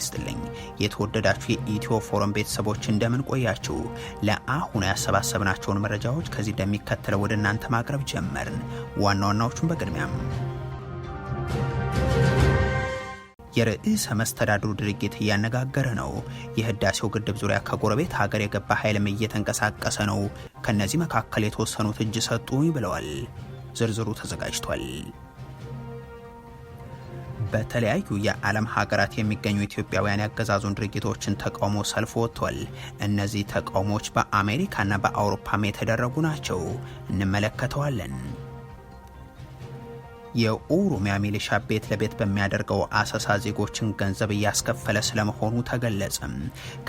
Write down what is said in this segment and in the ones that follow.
ይስጥልኝ የተወደዳችሁ የኢትዮ ፎረም ቤተሰቦች እንደምን ቆያችሁ? ለአሁኑ ያሰባሰብናቸውን መረጃዎች ከዚህ እንደሚከተለው ወደ እናንተ ማቅረብ ጀመርን። ዋና ዋናዎቹን በቅድሚያም የርዕሰ መስተዳድሩ ድርጊት እያነጋገረ ነው። የህዳሴው ግድብ ዙሪያ ከጎረቤት ሀገር የገባ ኃይልም እየተንቀሳቀሰ ነው። ከእነዚህ መካከል የተወሰኑት እጅ ሰጡኝ ብለዋል። ዝርዝሩ ተዘጋጅቷል። በተለያዩ የዓለም ሀገራት የሚገኙ ኢትዮጵያውያን ያገዛዙን ድርጊቶችን ተቃውሞ ሰልፍ ወጥቷል። እነዚህ ተቃውሞዎች በአሜሪካና በአውሮፓም የተደረጉ ናቸው። እንመለከተዋለን። የኦሮሚያ ሚሊሻ ቤት ለቤት በሚያደርገው አሰሳ ዜጎችን ገንዘብ እያስከፈለ ስለመሆኑ ተገለጸም።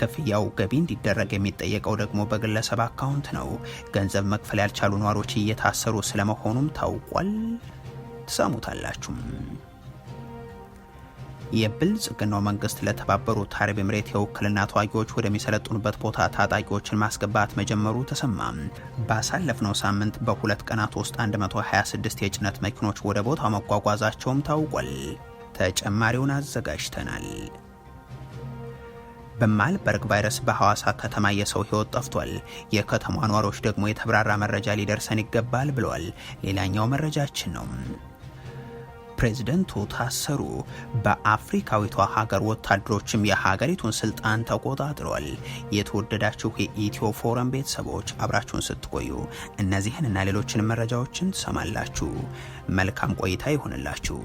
ክፍያው ገቢ እንዲደረግ የሚጠየቀው ደግሞ በግለሰብ አካውንት ነው። ገንዘብ መክፈል ያልቻሉ ነዋሪዎች እየታሰሩ ስለመሆኑም ታውቋል። ትሰሙታላችሁም። የብልጽግናው መንግስት ለተባበሩት አረብ ኤምሬት የውክልና ተዋጊዎች ወደሚሰለጥኑበት ቦታ ታጣቂዎችን ማስገባት መጀመሩ ተሰማ። ባሳለፍነው ሳምንት በሁለት ቀናት ውስጥ 126 የጭነት መኪኖች ወደ ቦታው መጓጓዛቸውም ታውቋል። ተጨማሪውን አዘጋጅተናል። በማርበርግ ቫይረስ በሐዋሳ ከተማ የሰው ህይወት ጠፍቷል። የከተማ ኗሪዎች ደግሞ የተብራራ መረጃ ሊደርሰን ይገባል ብለዋል። ሌላኛው መረጃችን ነው። ፕሬዝደንቱ ታሰሩ። በአፍሪካዊቷ ሀገር ወታደሮችም የሀገሪቱን ስልጣን ተቆጣጥሯል። የተወደዳችሁ የኢትዮ ፎረም ቤተሰቦች አብራችሁን ስትቆዩ እነዚህንና ሌሎችን መረጃዎችን ትሰማላችሁ። መልካም ቆይታ ይሆንላችሁ።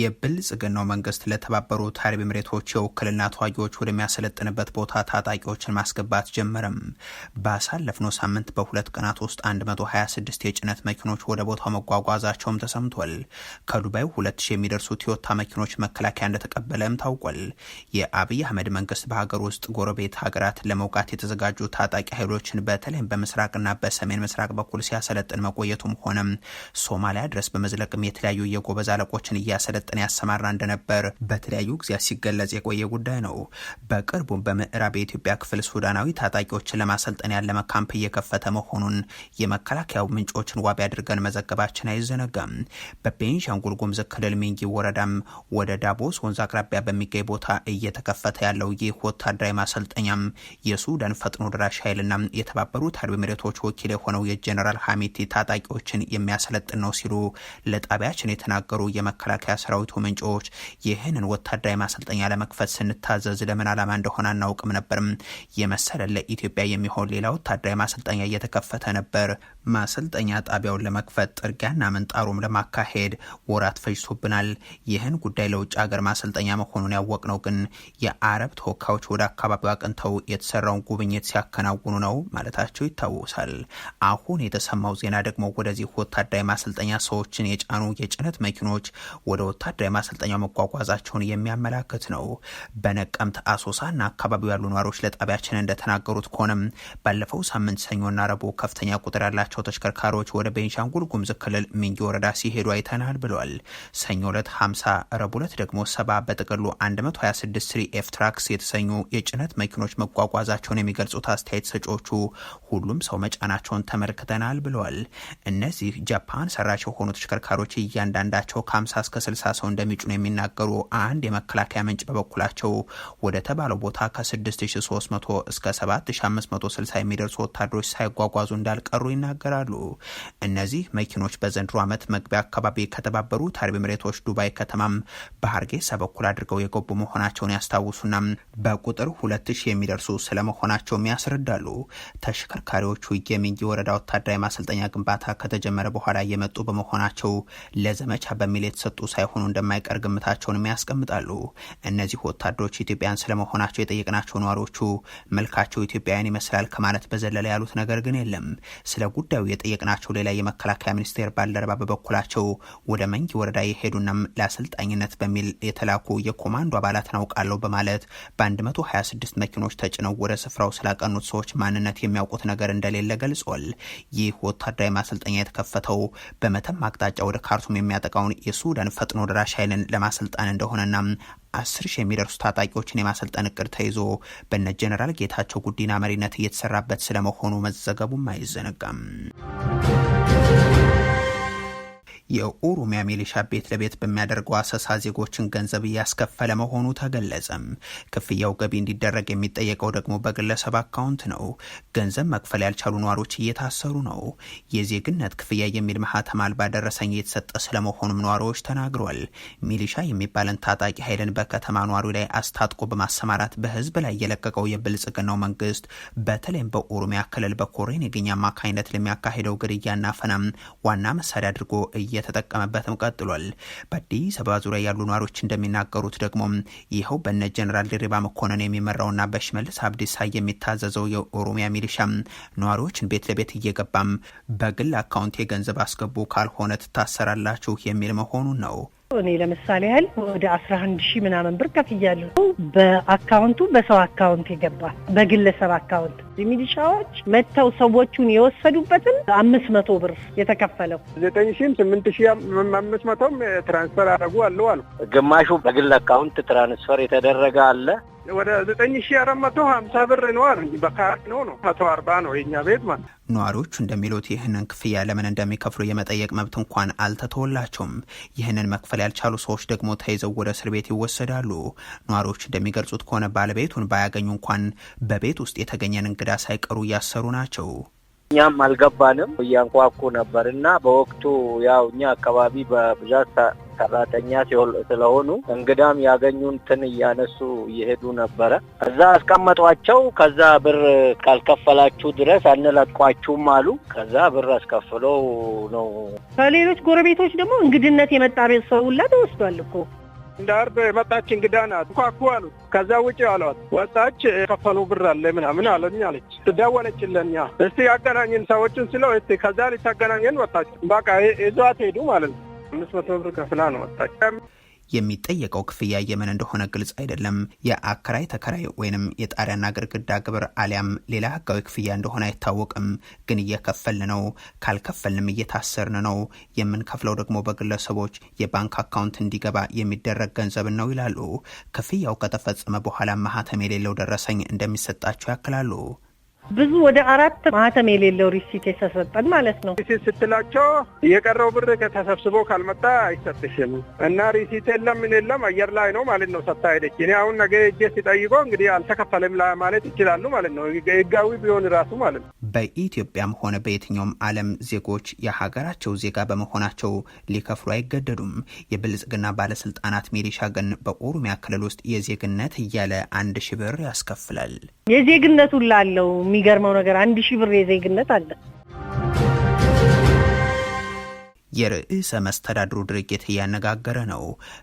የብልጽግናው መንግስት ለተባበሩት አረብ ኤምሬቶች የውክልና ተዋጊዎች ወደሚያሰለጥንበት ቦታ ታጣቂዎችን ማስገባት ጀመረም። ባሳለፍነው ሳምንት በሁለት ቀናት ውስጥ 126 የጭነት መኪኖች ወደ ቦታው መጓጓዛቸውም ተሰምቷል። ከዱባይ 2000 የሚደርሱ ቶዮታ መኪኖች መከላከያ እንደተቀበለም ታውቋል። የአብይ አህመድ መንግስት በሀገር ውስጥ ጎረቤት ሀገራት ለመውጋት የተዘጋጁ ታጣቂ ኃይሎችን በተለይም በምስራቅና በሰሜን ምስራቅ በኩል ሲያሰለጥን መቆየቱም ሆነም ሶማሊያ ድረስ በመዝለቅም የተለያዩ የጎበዝ አለቆችን እያሰለ እየሰለጠነ ያሰማራ እንደነበር በተለያዩ ጊዜያት ሲገለጽ የቆየ ጉዳይ ነው። በቅርቡም በምዕራብ የኢትዮጵያ ክፍል ሱዳናዊ ታጣቂዎችን ለማሰልጠን ያለመ ካምፕ እየከፈተ መሆኑን የመከላከያው ምንጮችን ዋቢ አድርገን መዘገባችን አይዘነጋም። በቤንሻንጉል ጉሙዝ ክልል ሚንጊ ወረዳም ወደ ዳቦስ ወንዝ አቅራቢያ በሚገኝ ቦታ እየተከፈተ ያለው ይህ ወታደራዊ ማሰልጠኛም የሱዳን ፈጥኖ ደራሽ ኃይልና የተባበሩት አረብ ኤሚሬቶች ወኪል የሆነው የጀኔራል ሀሚቲ ታጣቂዎችን የሚያሰለጥን ነው ሲሉ ለጣቢያችን የተናገሩ የመከላከያ የሰራዊቱ ምንጮች ይህንን ወታደራዊ ማሰልጠኛ ለመክፈት ስንታዘዝ ለምን ዓላማ እንደሆነ አናውቅም ነበርም የመሰለ ለኢትዮጵያ የሚሆን ሌላ ወታደራዊ ማሰልጠኛ እየተከፈተ ነበር። ማሰልጠኛ ጣቢያውን ለመክፈት ጥርጊያና ምንጣሩም ለማካሄድ ወራት ፈጅቶብናል። ይህን ጉዳይ ለውጭ ሀገር ማሰልጠኛ መሆኑን ያወቅነው ግን የአረብ ተወካዮች ወደ አካባቢው አቅንተው የተሰራውን ጉብኝት ሲያከናውኑ ነው ማለታቸው ይታወሳል። አሁን የተሰማው ዜና ደግሞ ወደዚህ ወታደራዊ ማሰልጠኛ ሰዎችን የጫኑ የጭነት መኪኖች ወደ ወታደራዊ ማሰልጠኛ መጓጓዛቸውን የሚያመላክት ነው። በነቀምት አሶሳና አካባቢው ያሉ ነዋሪዎች ለጣቢያችን እንደተናገሩት ከሆነም ባለፈው ሳምንት ሰኞና ረቡዕ ከፍተኛ ቁጥር ያላቸው ተሽከርካሪዎች ወደ ቤንሻንጉል ጉምዝ ክልል ሚንጊ ወረዳ ሲሄዱ አይተናል ብለዋል። ሰኞ ዕለት 50፣ ረቡዕ ዕለት ደግሞ ሰባ በጥቅሉ 126 ስሪኤፍ የተሰኙ የጭነት መኪኖች መጓጓዛቸውን የሚገልጹት አስተያየት ሰጪዎቹ ሁሉም ሰው መጫናቸውን ተመልክተናል ብለዋል። እነዚህ ጃፓን ሰራቸው የሆኑ ተሽከርካሪዎች እያንዳንዳቸው ከ50 እስከ 60 ሰው ነው የሚናገሩ አንድ የመከላከያ ምንጭ በበኩላቸው ወደ ተባለው ቦታ ከ6300 እስከ 7560 የሚደርሱ ወታደሮች ሳይጓጓዙ እንዳልቀሩ ይናገራሉ። እነዚህ መኪኖች በዘንድሮ ዓመት መግቢያ አካባቢ ከተባበሩት አረብ ኤሚሬቶች ዱባይ ከተማም በሀርጌሳ በኩል አድርገው የገቡ መሆናቸውን ያስታውሱና በቁጥር 2000 የሚደርሱ ስለመሆናቸውም ያስረዳሉ። ተሽከርካሪዎቹ የሚንጊ ወረዳ ወታደራዊ ማሰልጠኛ ግንባታ ከተጀመረ በኋላ የመጡ በመሆናቸው ለዘመቻ በሚል የተሰጡ ሳይሆኑ ሳይሆኑ እንደማይቀር ግምታቸውንም ያስቀምጣሉ። እነዚህ ወታደሮች ኢትዮጵያን ስለመሆናቸው የጠየቅናቸው ነዋሪዎቹ መልካቸው ኢትዮጵያውያን ይመስላል ከማለት በዘለለ ያሉት ነገር ግን የለም። ስለ ጉዳዩ የጠየቅናቸው ሌላ የመከላከያ ሚኒስቴር ባልደረባ በበኩላቸው ወደ መንጊ ወረዳ የሄዱናም ለአሰልጣኝነት በሚል የተላኩ የኮማንዶ አባላት ናውቃለሁ በማለት በ126 መኪኖች ተጭነው ወደ ስፍራው ስላቀኑት ሰዎች ማንነት የሚያውቁት ነገር እንደሌለ ገልጿል። ይህ ወታደራዊ ማሰልጠኛ የተከፈተው በመተማ አቅጣጫ ወደ ካርቱም የሚያጠቃውን የሱዳን ፈጥኖ የፋኖ ደራሽ ኃይልን ለማሰልጠን እንደሆነና አስር ሺህ የሚደርሱ ታጣቂዎችን የማሰልጠን እቅድ ተይዞ በነ ጀኔራል ጌታቸው ጉዲና መሪነት እየተሰራበት ስለመሆኑ መዘገቡም አይዘነጋም። የኦሮሚያ ሚሊሻ ቤት ለቤት በሚያደርገው አሰሳ ዜጎችን ገንዘብ እያስከፈለ መሆኑ ተገለጸም። ክፍያው ገቢ እንዲደረግ የሚጠየቀው ደግሞ በግለሰብ አካውንት ነው። ገንዘብ መክፈል ያልቻሉ ነዋሪዎች እየታሰሩ ነው። የዜግነት ክፍያ የሚል ማህተም አልባ ደረሰኝ የተሰጠ ስለመሆኑም ነዋሪዎች ተናግሯል። ሚሊሻ የሚባለን ታጣቂ ኃይልን በከተማ ነዋሪ ላይ አስታጥቆ በማሰማራት በህዝብ ላይ የለቀቀው የብልጽግናው መንግስት በተለይም በኦሮሚያ ክልል በኮሬን የገኝ አማካኝነት ለሚያካሂደው ግድያና ፈናም ዋና መሳሪያ አድርጎ እየ እየተጠቀመበትም ቀጥሏል። በአዲስ አበባ ዙሪያ ያሉ ነዋሪዎች እንደሚናገሩት ደግሞ ይኸው በነ ጀኔራል ድሪባ መኮንን የሚመራውና በሽመልስ አብዲሳ የሚታዘዘው የኦሮሚያ ሚሊሻ ነዋሪዎችን ቤት ለቤት እየገባም በግል አካውንት የገንዘብ አስገቡ ካልሆነ ትታሰራላችሁ የሚል መሆኑን ነው። እኔ ለምሳሌ ያህል ወደ አስራ አንድ ሺህ ምናምን ብር ከፍያለሁ። በአካውንቱ በሰው አካውንት የገባ በግለሰብ አካውንት ሚሊሻዎች መጥተው ሰዎቹን የወሰዱበትን አምስት መቶ ብር የተከፈለው ዘጠኝ ሺህም ስምንት ሺህ አምስት መቶም ትራንስፈር አደረጉ አለው አሉ። ግማሹ በግል አካውንት ትራንስፈር የተደረገ አለ። ወደ ዘጠኝ ሺ አራት መቶ ሀምሳ ብር ነዋል እ ነው ነው መቶ አርባ ነው የኛ ቤት ማለት። ነዋሪዎቹ እንደሚሉት ይህንን ክፍያ ለምን እንደሚከፍሉ የመጠየቅ መብት እንኳን አልተተወላቸውም። ይህንን መክፈል ያልቻሉ ሰዎች ደግሞ ተይዘው ወደ እስር ቤት ይወሰዳሉ። ነዋሪዎች እንደሚገልጹት ከሆነ ባለቤቱን ባያገኙ እንኳን በቤት ውስጥ የተገኘን እንግዳ ሳይቀሩ እያሰሩ ናቸው። እኛም አልገባንም እያንኳኩ ነበር እና በወቅቱ ያው እኛ አካባቢ በብዛት ሰራተኛ ስለሆኑ እንግዳም ያገኙትን እያነሱ እየሄዱ ነበረ። እዛ አስቀመጧቸው። ከዛ ብር ካልከፈላችሁ ድረስ አንለቋችሁም አሉ። ከዛ ብር አስከፍለው ነው። ከሌሎች ጎረቤቶች ደግሞ እንግድነት የመጣ ቤት ሰው ሁላ ተወስዷል እኮ እንደ አርብ የመጣች እንግዳ ናት ኳኩ አሉት። ከዛ ውጭ አሏት። ወጣች የከፈሉ ብር አለ ምናምን አለኝ አለች። ደወለችለኛ እስቲ ያገናኝን ሰዎችን ስለው እስቲ ከዛ ልታገናኘን ወጣች። በቃ ይዟት ሄዱ ማለት ነው። አምስት መቶ ብር ከፍላ ነው የሚጠየቀው ክፍያ የምን እንደሆነ ግልጽ አይደለም። የአከራይ ተከራይ ወይንም የጣሪያና ግርግዳ ግብር አሊያም ሌላ ህጋዊ ክፍያ እንደሆነ አይታወቅም። ግን እየከፈልን ነው፣ ካልከፈልንም እየታሰርን ነው። የምንከፍለው ደግሞ በግለሰቦች የባንክ አካውንት እንዲገባ የሚደረግ ገንዘብ ነው ይላሉ። ክፍያው ከተፈጸመ በኋላ ማህተም የሌለው ደረሰኝ እንደሚሰጣቸው ያክላሉ። ብዙ ወደ አራት ማህተም የሌለው ሪሲት የተሰጠን ማለት ነው። ሪሲት ስትላቸው የቀረው ብር ተሰብስቦ ካልመጣ አይሰጥሽም እና ሪሲት የለም ምን የለም አየር ላይ ነው ማለት ነው። ሰታ ሄደች። እኔ አሁን ነገ እጄ ሲጠይቆ እንግዲህ አልተከፈለም ማለት ይችላሉ ማለት ነው። ህጋዊ ቢሆን ራሱ ማለት ነው። በኢትዮጵያም ሆነ በየትኛውም ዓለም ዜጎች የሀገራቸው ዜጋ በመሆናቸው ሊከፍሉ አይገደዱም። የብልጽግና ባለስልጣናት ሚሊሻ ግን በኦሮሚያ ክልል ውስጥ የዜግነት እያለ አንድ ሺህ ብር ያስከፍላል። የዜግነቱን ላለው የሚገርመው ነገር አንድ ሺህ ብር የዜግነት አለ የርዕሰ መስተዳድሩ ድርጊት እያነጋገረ ነው።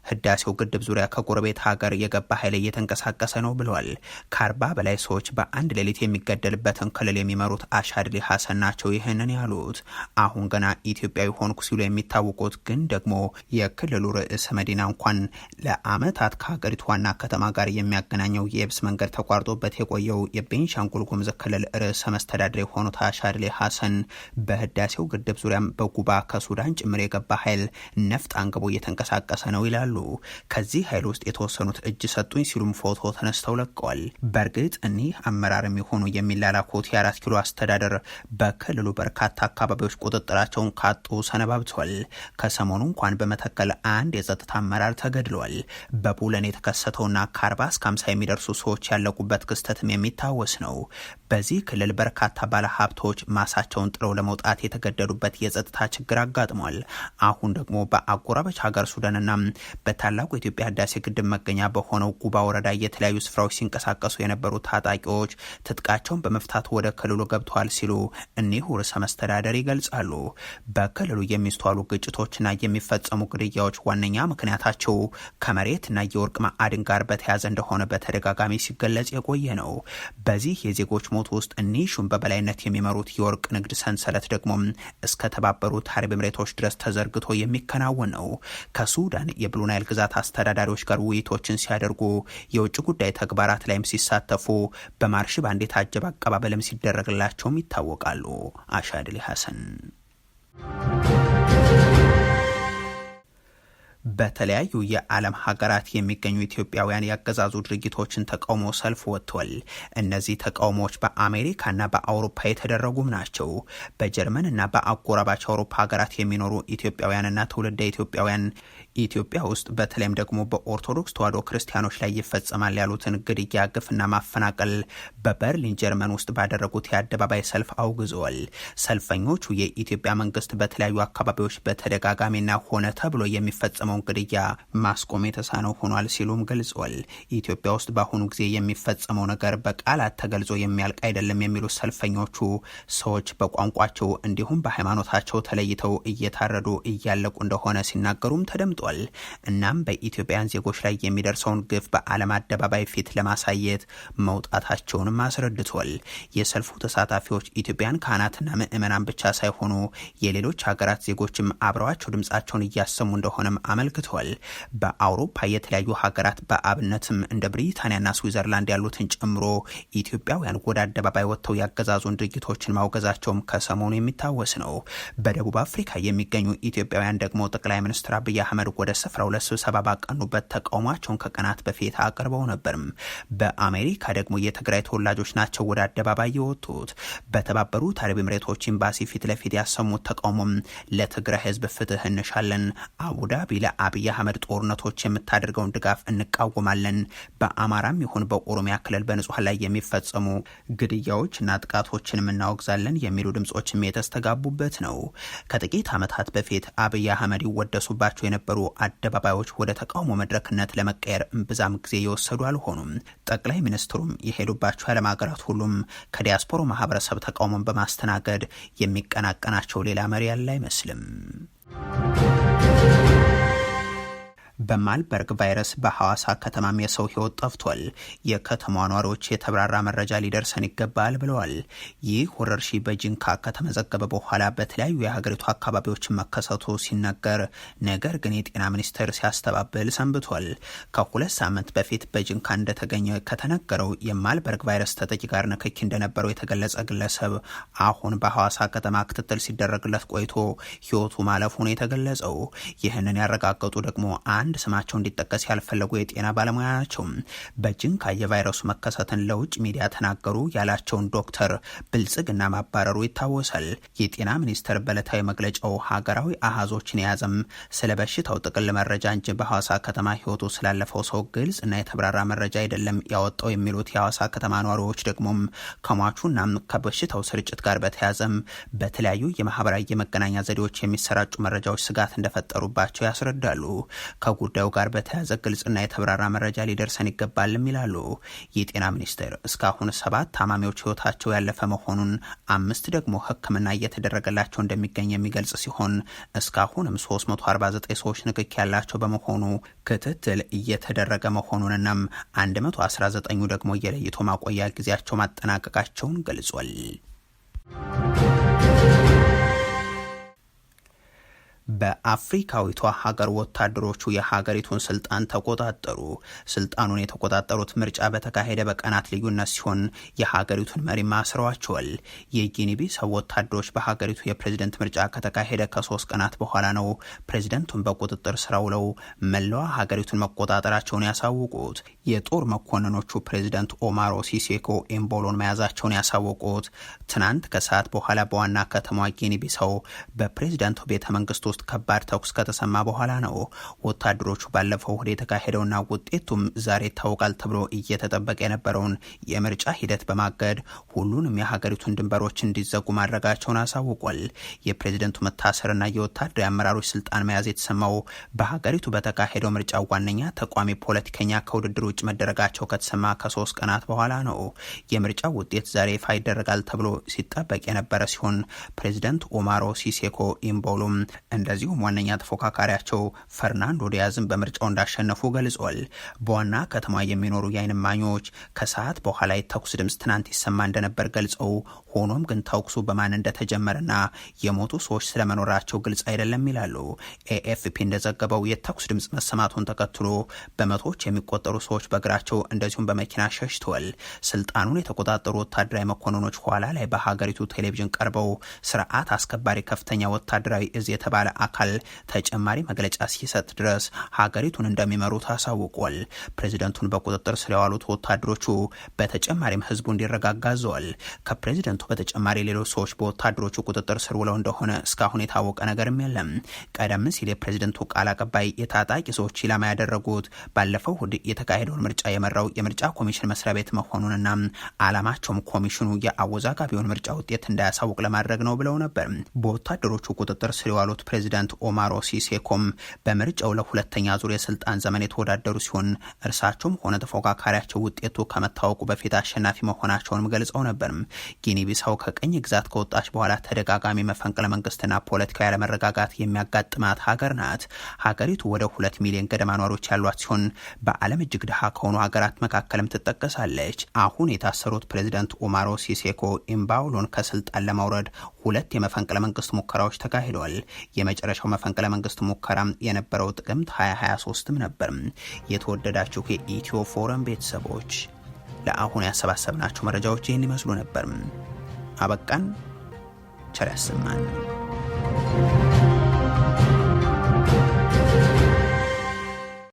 ህዳሴው ግድብ ዙሪያ ከጎረቤት ሀገር የገባ ኃይል እየተንቀሳቀሰ ነው ብሏል። ከአርባ በላይ ሰዎች በአንድ ሌሊት የሚገደልበትን ክልል የሚመሩት አሻድሊ ሀሰን ናቸው ይህንን ያሉት። አሁን ገና ኢትዮጵያዊ ሆንኩ ሲሉ የሚታወቁት ግን ደግሞ የክልሉ ርዕሰ መዲና እንኳን ለአመታት ከሀገሪቱ ዋና ከተማ ጋር የሚያገናኘው የየብስ መንገድ ተቋርጦበት የቆየው የቤንሻንጉል ጉሙዝ ክልል ርዕሰ መስተዳድር የሆኑት አሻድሊ ሀሰን በህዳሴው ግድብ ዙሪያም በጉባ ከሱዳን ጭምር የገባ ኃይል ነፍጥ አንግቦ እየተንቀሳቀሰ ነው ይላሉ። ከዚህ ኃይል ውስጥ የተወሰኑት እጅ ሰጡኝ ሲሉም ፎቶ ተነስተው ለቀዋል። በእርግጥ እኒህ አመራር የሚሆኑ የሚላላኩት የአራት ኪሎ አስተዳደር በክልሉ በርካታ አካባቢዎች ቁጥጥራቸውን ካጡ ሰነባብቷል። ከሰሞኑ እንኳን በመተከል አንድ የጸጥታ አመራር ተገድሏል። በቡለን የተከሰተውና ከአርባ እስከ ሃምሳ የሚደርሱ ሰዎች ያለቁበት ክስተትም የሚታወስ ነው። በዚህ ክልል በርካታ ባለሀብቶች ማሳቸውን ጥለው ለመውጣት የተገደዱበት የጸጥታ ችግር አጋጥሟል። ተጠቅሟል። አሁን ደግሞ በአጎራባች ሀገር ሱዳንና በታላቁ የኢትዮጵያ ህዳሴ ግድብ መገኛ በሆነው ጉባ ወረዳ የተለያዩ ስፍራዎች ሲንቀሳቀሱ የነበሩ ታጣቂዎች ትጥቃቸውን በመፍታት ወደ ክልሉ ገብተዋል ሲሉ እኒሁ ርዕሰ መስተዳደር ይገልጻሉ። በክልሉ የሚስተዋሉ ግጭቶችና የሚፈጸሙ ግድያዎች ዋነኛ ምክንያታቸው ከመሬትና የወርቅ ማዕድን ጋር በተያያዘ እንደሆነ በተደጋጋሚ ሲገለጽ የቆየ ነው። በዚህ የዜጎች ሞት ውስጥ እኒሹን በበላይነት የሚመሩት የወርቅ ንግድ ሰንሰለት ደግሞ እስከተባበሩት አረብ ኤምሬቶች ድረስ ተዘርግቶ የሚከናወን ነው። ከሱዳን የብሉናይል ግዛት አስተዳዳሪዎች ጋር ውይይቶችን ሲያደርጉ የውጭ ጉዳይ ተግባራት ላይም ሲሳተፉ በማርሽ ባንድ የታጀበ አቀባበልም ሲደረግላቸውም ይታወቃሉ። አሻድሊ ሀሰን በተለያዩ የዓለም ሀገራት የሚገኙ ኢትዮጵያውያን የአገዛዙ ድርጊቶችን ተቃውሞ ሰልፍ ወጥቷል። እነዚህ ተቃውሞዎች በአሜሪካና በአውሮፓ የተደረጉም ናቸው። በጀርመንና በአጎራባች አውሮፓ ሀገራት የሚኖሩ ኢትዮጵያውያንና ትውልደ ኢትዮጵያውያን ኢትዮጵያ ውስጥ በተለይም ደግሞ በኦርቶዶክስ ተዋሕዶ ክርስቲያኖች ላይ ይፈጸማል ያሉትን ግድያ፣ ግፍና ማፈናቀል በበርሊን ጀርመን ውስጥ ባደረጉት የአደባባይ ሰልፍ አውግዘዋል። ሰልፈኞቹ የኢትዮጵያ መንግስት በተለያዩ አካባቢዎች በተደጋጋሚና ሆነ ተብሎ የሚፈጸመው የተፈጸመውን ግድያ ማስቆም የተሳነው ሆኗል ሲሉም ገልጿል። ኢትዮጵያ ውስጥ በአሁኑ ጊዜ የሚፈጸመው ነገር በቃላት ተገልጾ የሚያልቅ አይደለም የሚሉት ሰልፈኞቹ ሰዎች በቋንቋቸው እንዲሁም በሃይማኖታቸው ተለይተው እየታረዱ እያለቁ እንደሆነ ሲናገሩም ተደምጧል። እናም በኢትዮጵያውያን ዜጎች ላይ የሚደርሰውን ግፍ በዓለም አደባባይ ፊት ለማሳየት መውጣታቸውንም አስረድቷል። የሰልፉ ተሳታፊዎች ኢትዮጵያን ካህናትና ምዕመናን ብቻ ሳይሆኑ የሌሎች ሀገራት ዜጎችም አብረዋቸው ድምጻቸውን እያሰሙ እንደሆነም አመልክቷል። በአውሮፓ የተለያዩ ሀገራት በአብነትም እንደ ብሪታንያና ስዊዘርላንድ ያሉትን ጨምሮ ኢትዮጵያውያን ወደ አደባባይ ወጥተው ያገዛዙን ድርጊቶችን ማውገዛቸውም ከሰሞኑ የሚታወስ ነው። በደቡብ አፍሪካ የሚገኙ ኢትዮጵያውያን ደግሞ ጠቅላይ ሚኒስትር አብይ አህመድ ወደ ስፍራው ለስብሰባ ባቀኑበት ተቃውሟቸውን ከቀናት በፊት አቅርበው ነበርም። በአሜሪካ ደግሞ የትግራይ ተወላጆች ናቸው ወደ አደባባይ የወጡት። በተባበሩት አረብ ኤምሬቶች ኤምባሲ ፊት ለፊት ያሰሙት ተቃውሞም ለትግራይ ህዝብ ፍትህ እንሻለን አቡዳቢ ለአብይ አህመድ ጦርነቶች የምታደርገውን ድጋፍ እንቃወማለን። በአማራም ይሁን በኦሮሚያ ክልል በንጹሐን ላይ የሚፈጸሙ ግድያዎችና ጥቃቶችን እናወግዛለን የሚሉ ድምጾችም የተስተጋቡበት ነው። ከጥቂት ዓመታት በፊት አብይ አህመድ ይወደሱባቸው የነበሩ አደባባዮች ወደ ተቃውሞ መድረክነት ለመቀየር እምብዛም ጊዜ የወሰዱ አልሆኑም። ጠቅላይ ሚኒስትሩም የሄዱባቸው የዓለም ሀገራት ሁሉም ከዲያስፖራ ማህበረሰብ ተቃውሞን በማስተናገድ የሚቀናቀናቸው ሌላ መሪ ያለ አይመስልም። በማልበርግ ቫይረስ በሐዋሳ ከተማም የሰው ህይወት ጠፍቷል። የከተማ ኗሪዎች የተብራራ መረጃ ሊደርሰን ይገባል ብለዋል። ይህ ወረርሺ በጂንካ ከተመዘገበ በኋላ በተለያዩ የሀገሪቱ አካባቢዎች መከሰቱ ሲነገር፣ ነገር ግን የጤና ሚኒስቴር ሲያስተባብል ሰንብቷል። ከሁለት ሳምንት በፊት በጂንካ እንደተገኘ ከተነገረው የማልበርግ ቫይረስ ተጠቂ ጋር ንክኪ እንደነበረው የተገለጸ ግለሰብ አሁን በሐዋሳ ከተማ ክትትል ሲደረግለት ቆይቶ ህይወቱ ማለፉ ነው የተገለጸው። ይህንን ያረጋገጡ ደግሞ አን አንድ ስማቸው እንዲጠቀስ ያልፈለጉ የጤና ባለሙያ ናቸው። በጅንካ የቫይረሱ መከሰትን ለውጭ ሚዲያ ተናገሩ ያላቸውን ዶክተር ብልጽግና ማባረሩ ይታወሳል። የጤና ሚኒስቴር በዕለታዊ መግለጫው ሀገራዊ አሃዞችን የያዘም ስለ በሽታው ጥቅል መረጃ እንጂ በሐዋሳ ከተማ ህይወቱ ስላለፈው ሰው ግልጽ እና የተብራራ መረጃ አይደለም ያወጣው የሚሉት የሐዋሳ ከተማ ነዋሪዎች ደግሞም ከሟቹና ከበሽታው ስርጭት ጋር በተያዘም በተለያዩ የማህበራዊ የመገናኛ ዘዴዎች የሚሰራጩ መረጃዎች ስጋት እንደፈጠሩባቸው ያስረዳሉ። ከጉዳዩ ጋር በተያያዘ ግልጽና የተብራራ መረጃ ሊደርሰን ይገባልም ይላሉ። የጤና ሚኒስቴር እስካሁን ሰባት ታማሚዎች ህይወታቸው ያለፈ መሆኑን፣ አምስት ደግሞ ህክምና እየተደረገላቸው እንደሚገኝ የሚገልጽ ሲሆን እስካሁንም 349 ሰዎች ንክኪ ያላቸው በመሆኑ ክትትል እየተደረገ መሆኑንናም 119ኙ ደግሞ የለይቶ ማቆያ ጊዜያቸው ማጠናቀቃቸውን ገልጿል። በአፍሪካዊቷ ሀገር ወታደሮቹ የሀገሪቱን ስልጣን ተቆጣጠሩ። ስልጣኑን የተቆጣጠሩት ምርጫ በተካሄደ በቀናት ልዩነት ሲሆን የሀገሪቱን መሪ ማስረዋቸዋል። የጊኒቢሳው ወታደሮች በሀገሪቱ የፕሬዝደንት ምርጫ ከተካሄደ ከሶስት ቀናት በኋላ ነው ፕሬዝደንቱን በቁጥጥር ስር ውለው መላዋ ሀገሪቱን መቆጣጠራቸውን ያሳውቁት። የጦር መኮንኖቹ ፕሬዝደንት ኦማሮ ሲሴኮ ኤምቦሎን መያዛቸውን ያሳወቁት ትናንት ከሰዓት በኋላ በዋና ከተማ ጊኒቢሳው በፕሬዝደንቱ ቤተ መንግስት ውስጥ ውስጥ ከባድ ተኩስ ከተሰማ በኋላ ነው ወታደሮቹ ባለፈው እሁድ የተካሄደውና ውጤቱም ዛሬ ይታወቃል ተብሎ እየተጠበቀ የነበረውን የምርጫ ሂደት በማገድ ሁሉንም የሀገሪቱን ድንበሮች እንዲዘጉ ማድረጋቸውን አሳውቋል። የፕሬዝደንቱ መታሰርና የወታደር አመራሮች ስልጣን መያዝ የተሰማው በሀገሪቱ በተካሄደው ምርጫ ዋነኛ ተቋሚ ፖለቲከኛ ከውድድር ውጭ መደረጋቸው ከተሰማ ከሶስት ቀናት በኋላ ነው። የምርጫ ውጤት ዛሬ ይፋ ይደረጋል ተብሎ ሲጠበቅ የነበረ ሲሆን ፕሬዚደንት ኦማሮ ሲሴኮ ኢምቦሉም እንደ እንደዚሁም ዋነኛ ተፎካካሪያቸው ፈርናንዶ ዲያዝን በምርጫው እንዳሸነፉ ገልጿል። በዋና ከተማ የሚኖሩ የአይን እማኞች ከሰዓት በኋላ የተኩስ ድምፅ ትናንት ይሰማ እንደነበር ገልጸው ሆኖም ግን ተኩሱ በማን እንደተጀመረና የሞቱ ሰዎች ስለመኖራቸው ግልጽ አይደለም ይላሉ። ኤኤፍፒ እንደዘገበው የተኩስ ድምፅ መሰማቱን ተከትሎ በመቶዎች የሚቆጠሩ ሰዎች በእግራቸው እንደዚሁም በመኪና ሸሽተዋል። ስልጣኑን የተቆጣጠሩ ወታደራዊ መኮንኖች ኋላ ላይ በሀገሪቱ ቴሌቪዥን ቀርበው ስርዓት አስከባሪ ከፍተኛ ወታደራዊ እዝ የተባለ አካል ተጨማሪ መግለጫ ሲሰጥ ድረስ ሀገሪቱን እንደሚመሩ ታሳውቋል። ፕሬዚደንቱን በቁጥጥር ስር ያዋሉት ወታደሮቹ በተጨማሪም ህዝቡ እንዲረጋጋ ዘዋል። ከፕሬዚደንቱ ከስምንቱ በተጨማሪ ሌሎች ሰዎች በወታደሮቹ ቁጥጥር ስር ውለው እንደሆነ እስካሁን የታወቀ ነገርም የለም። ቀደም ሲል የፕሬዝደንቱ ቃል አቀባይ የታጣቂ ሰዎች ኢላማ ያደረጉት ባለፈው እሁድ የተካሄደውን ምርጫ የመራው የምርጫ ኮሚሽን መስሪያ ቤት መሆኑንና አላማቸውም ኮሚሽኑ የአወዛጋቢውን ምርጫ ውጤት እንዳያሳውቅ ለማድረግ ነው ብለው ነበር። በወታደሮቹ ቁጥጥር ስር የዋሉት ፕሬዚዳንት ኦማሮ ሲሴኮም በምርጫው ለሁለተኛ ዙር የስልጣን ዘመን የተወዳደሩ ሲሆን እርሳቸውም ሆነ ተፎካካሪያቸው ውጤቱ ከመታወቁ በፊት አሸናፊ መሆናቸውንም ገልጸው ነበር። ጊኒ ቢሳው ከቅኝ ግዛት ከወጣች በኋላ ተደጋጋሚ መፈንቅለ መንግስትና ፖለቲካዊ ያለመረጋጋት የሚያጋጥማት ሀገር ናት። ሀገሪቱ ወደ ሁለት ሚሊዮን ገደማ ነዋሪዎች ያሏት ሲሆን በዓለም እጅግ ድሃ ከሆኑ ሀገራት መካከልም ትጠቀሳለች። አሁን የታሰሩት ፕሬዚደንት ኡማሮ ሲሴኮ ኢምባውሎን ከስልጣን ለማውረድ ሁለት የመፈንቅለ መንግስት ሙከራዎች ተካሂደዋል። የመጨረሻው መፈንቅለ መንግስት ሙከራ የነበረው ጥቅምት 2023ም ነበር። የተወደዳችሁ የኢትዮ ፎረም ቤተሰቦች ለአሁን ያሰባሰብናቸው መረጃዎች ይህን ይመስሉ ነበር። አበቃን። ቸር ያሰማን።